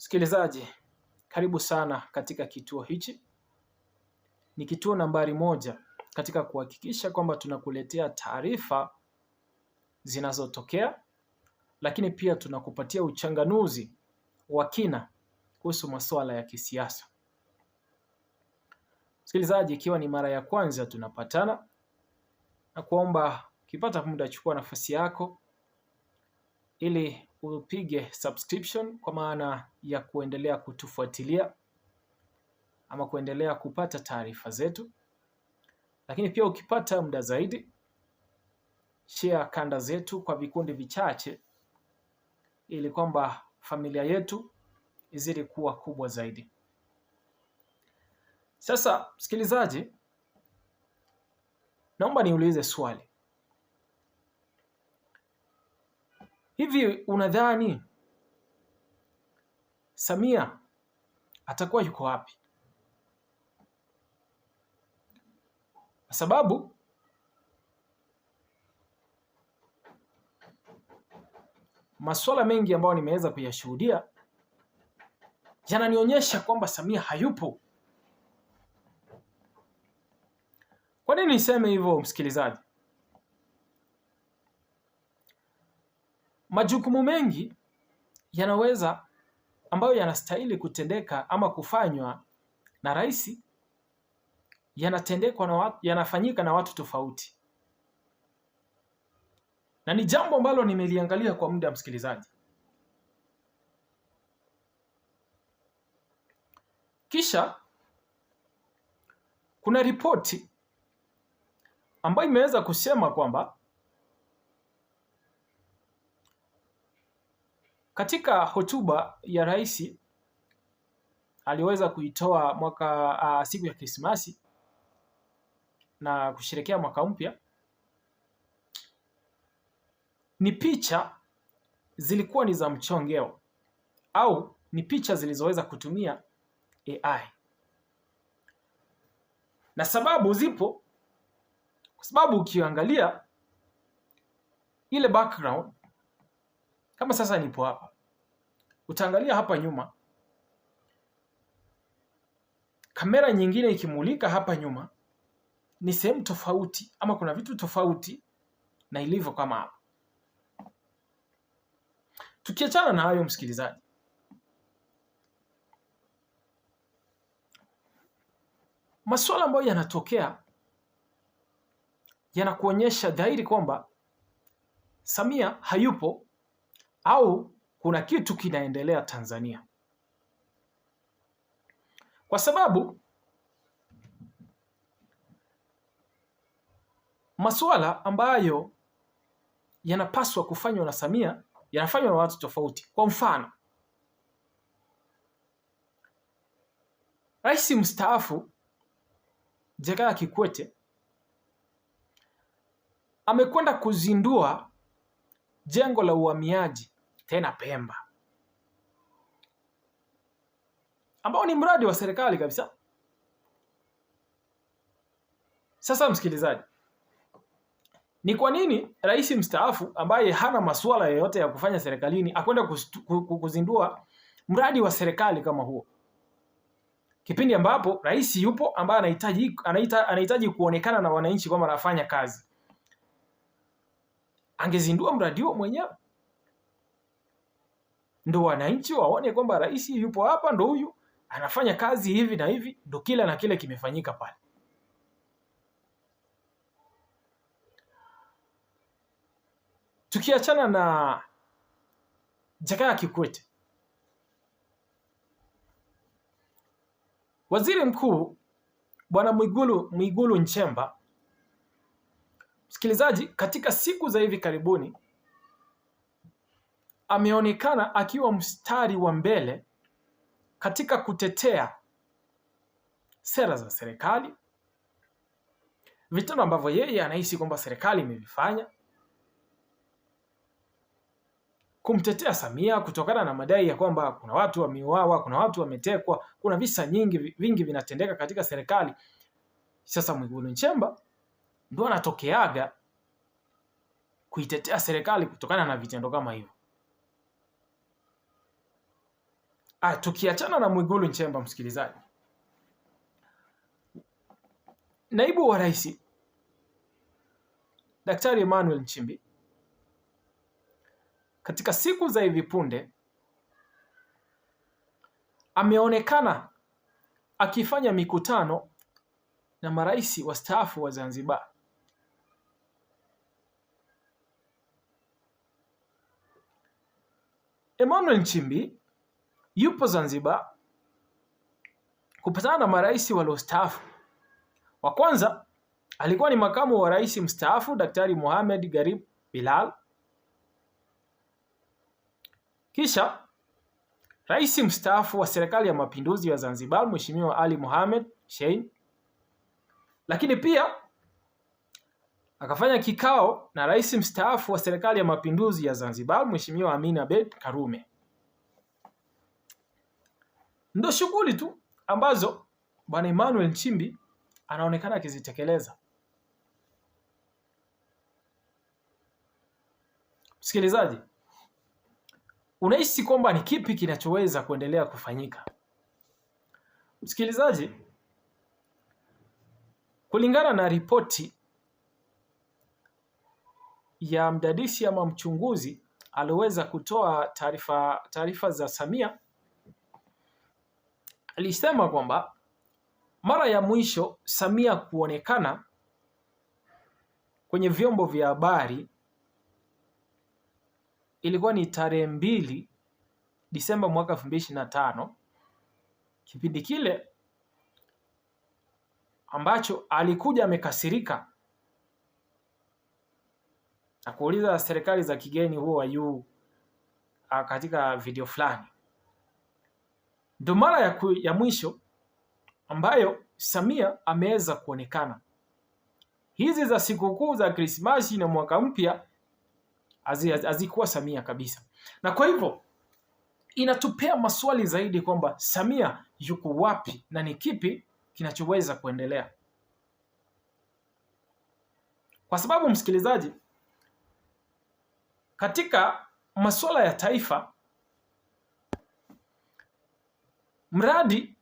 Msikilizaji, karibu sana katika kituo hichi. Ni kituo nambari moja katika kuhakikisha kwamba tunakuletea taarifa zinazotokea, lakini pia tunakupatia uchanganuzi wa kina kuhusu masuala ya kisiasa. Msikilizaji, ikiwa ni mara ya kwanza tunapatana, na kuomba ukipata muda, chukua nafasi yako ili upige subscription kwa maana ya kuendelea kutufuatilia ama kuendelea kupata taarifa zetu, lakini pia ukipata muda zaidi, share kanda zetu kwa vikundi vichache, ili kwamba familia yetu izidi kuwa kubwa zaidi. Sasa msikilizaji, naomba niulize swali. Hivi unadhani Samia atakuwa yuko wapi? Kwa sababu masuala mengi ambayo nimeweza kuyashuhudia yananionyesha kwamba Samia hayupo. Kwa nini niseme hivyo, msikilizaji? Majukumu mengi yanaweza ambayo yanastahili kutendeka ama kufanywa na rais yanatendekwa na watu, yanafanyika na watu tofauti, na ni jambo ambalo nimeliangalia kwa muda, msikilizaji. Kisha kuna ripoti ambayo imeweza kusema kwamba Katika hotuba ya rais aliweza kuitoa mwaka a, ah, siku ya Krismasi na kusherekea mwaka mpya, ni picha zilikuwa ni za mchongeo au ni picha zilizoweza kutumia AI, na sababu zipo, kwa sababu ukiangalia ile background kama sasa nipo hapa, utaangalia hapa nyuma, kamera nyingine ikimulika hapa nyuma, ni sehemu tofauti ama kuna vitu tofauti na ilivyo kama hapa. Tukiachana na hayo, msikilizaji, masuala ambayo yanatokea yanakuonyesha dhahiri kwamba Samia hayupo au kuna kitu kinaendelea Tanzania, kwa sababu masuala ambayo yanapaswa kufanywa na Samia yanafanywa na watu tofauti. Kwa mfano, Rais mstaafu Jakaya Kikwete amekwenda kuzindua jengo la uhamiaji tena Pemba, ambao ni mradi wa serikali kabisa. Sasa msikilizaji, ni kwa nini rais mstaafu ambaye hana masuala yoyote ya kufanya serikalini akwenda kuzindua mradi wa serikali kama huo, kipindi ambapo rais yupo ambaye anahitaji anahitaji kuonekana na wananchi kwamba anafanya kazi? Angezindua mradi huo mwenyewe ndo wananchi waone kwamba rais yupo hapa, ndo huyu anafanya kazi hivi na hivi, ndo kila na kile kimefanyika pale. Tukiachana na Jakaya Kikwete, waziri mkuu bwana Mwigulu Mwigulu Nchemba, msikilizaji, katika siku za hivi karibuni ameonekana akiwa mstari wa mbele katika kutetea sera za serikali, vitendo ambavyo yeye anahisi kwamba serikali imevifanya, kumtetea Samia kutokana na madai ya kwamba kuna watu wameuawa, kuna watu wametekwa, kuna visa nyingi vingi vinatendeka katika serikali. Sasa Mwigulu Nchemba ndo anatokeaga kuitetea serikali kutokana na vitendo kama hivyo. Ah, tukiachana na Mwigulu Nchemba, msikilizaji, naibu wa rais Daktari Emmanuel Nchimbi katika siku za hivi punde ameonekana akifanya mikutano na marais wastaafu wa Zanzibar. Emmanuel Nchimbi yupo Zanzibar kupatana na marais waliostaafu. Wa kwanza alikuwa ni makamu wa rais mstaafu Daktari Mohamed Garib Bilal. Kisha rais mstaafu wa serikali ya mapinduzi ya Zanzibar Mheshimiwa Ali Mohamed Shein, lakini pia akafanya kikao na rais mstaafu wa serikali ya mapinduzi ya Zanzibar Mheshimiwa Amin Abed Karume ndo shughuli tu ambazo Bwana Emmanuel Nchimbi anaonekana akizitekeleza. Msikilizaji, unahisi kwamba ni kipi kinachoweza kuendelea kufanyika? Msikilizaji, kulingana na ripoti ya mdadisi ama mchunguzi aliweza kutoa taarifa taarifa za Samia alisema kwamba mara ya mwisho Samia kuonekana kwenye vyombo vya habari ilikuwa ni tarehe mbili Disemba mwaka 2025, kipindi kile ambacho alikuja amekasirika na kuuliza serikali za kigeni huo are ah, katika video fulani ndo mara ya, ya mwisho ambayo Samia ameweza kuonekana. Hizi za sikukuu za Krismasi na mwaka mpya hazikuwa Samia kabisa, na kwa hivyo inatupea maswali zaidi kwamba Samia yuko wapi na ni kipi kinachoweza kuendelea, kwa sababu msikilizaji, katika masuala ya taifa mradi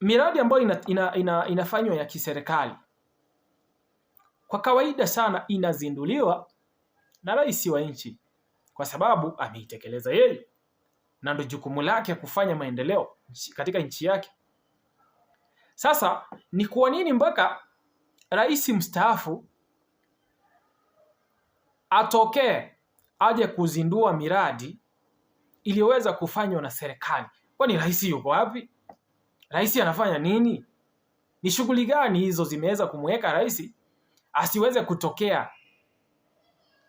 miradi ambayo ina, ina, ina, inafanywa ya kiserikali kwa kawaida sana inazinduliwa na rais wa nchi, kwa sababu ameitekeleza yeye na ndio jukumu lake kufanya maendeleo katika nchi yake. Sasa ni kwa nini mpaka rais mstaafu atokee aje kuzindua miradi iliyoweza kufanywa na serikali Kwani rais yuko wapi? Rais anafanya nini? Ni shughuli gani hizo zimeweza kumweka rais asiweze kutokea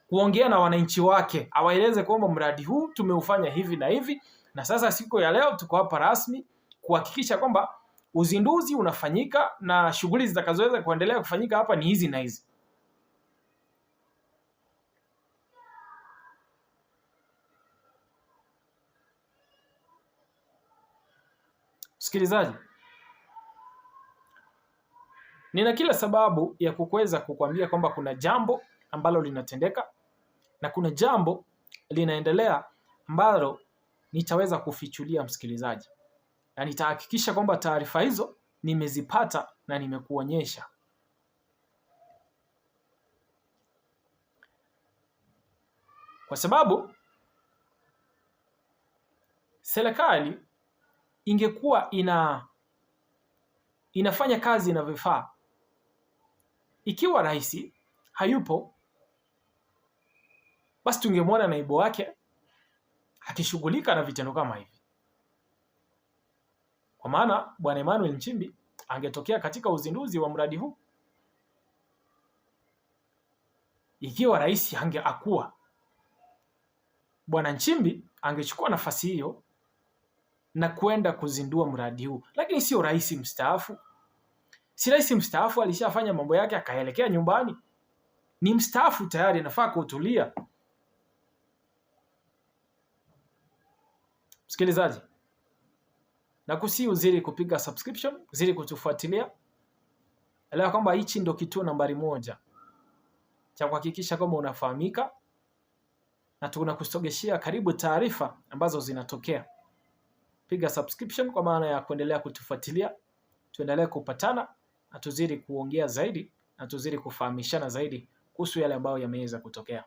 kuongea na wananchi wake, awaeleze kwamba mradi huu tumeufanya hivi na hivi, na sasa siku ya leo tuko hapa rasmi kuhakikisha kwamba uzinduzi unafanyika na shughuli zitakazoweza kuendelea kufanyika hapa ni hizi na hizi. Msikilizaji, nina kila sababu ya kukuweza kukwambia kwamba kuna jambo ambalo linatendeka na kuna jambo linaendelea ambalo nitaweza kufichulia msikilizaji, na nitahakikisha kwamba taarifa hizo nimezipata na nimekuonyesha. Kwa sababu serikali ingekuwa ina inafanya kazi inavyofaa. Ikiwa rais hayupo, basi tungemwona naibu wake akishughulika na vitendo kama hivi, kwa maana Bwana Emmanuel Nchimbi angetokea katika uzinduzi wa mradi huu ikiwa rais angeakuwa, Bwana Nchimbi angechukua nafasi hiyo na kwenda kuzindua mradi huu, lakini sio rais mstaafu. Si rais mstaafu, alishafanya mambo yake akaelekea nyumbani, ni mstaafu tayari, anafaa kutulia. Msikilizaji, nakusii uzidi kupiga subscription, uzidi kutufuatilia. Elewa kwamba hichi ndo kituo nambari moja cha kuhakikisha kwamba unafahamika na tunakusogeshea karibu taarifa ambazo zinatokea piga subscription kwa maana ya kuendelea kutufuatilia, tuendelee kupatana na tuzidi kuongea zaidi na tuzidi kufahamishana zaidi kuhusu yale ambayo yameweza kutokea.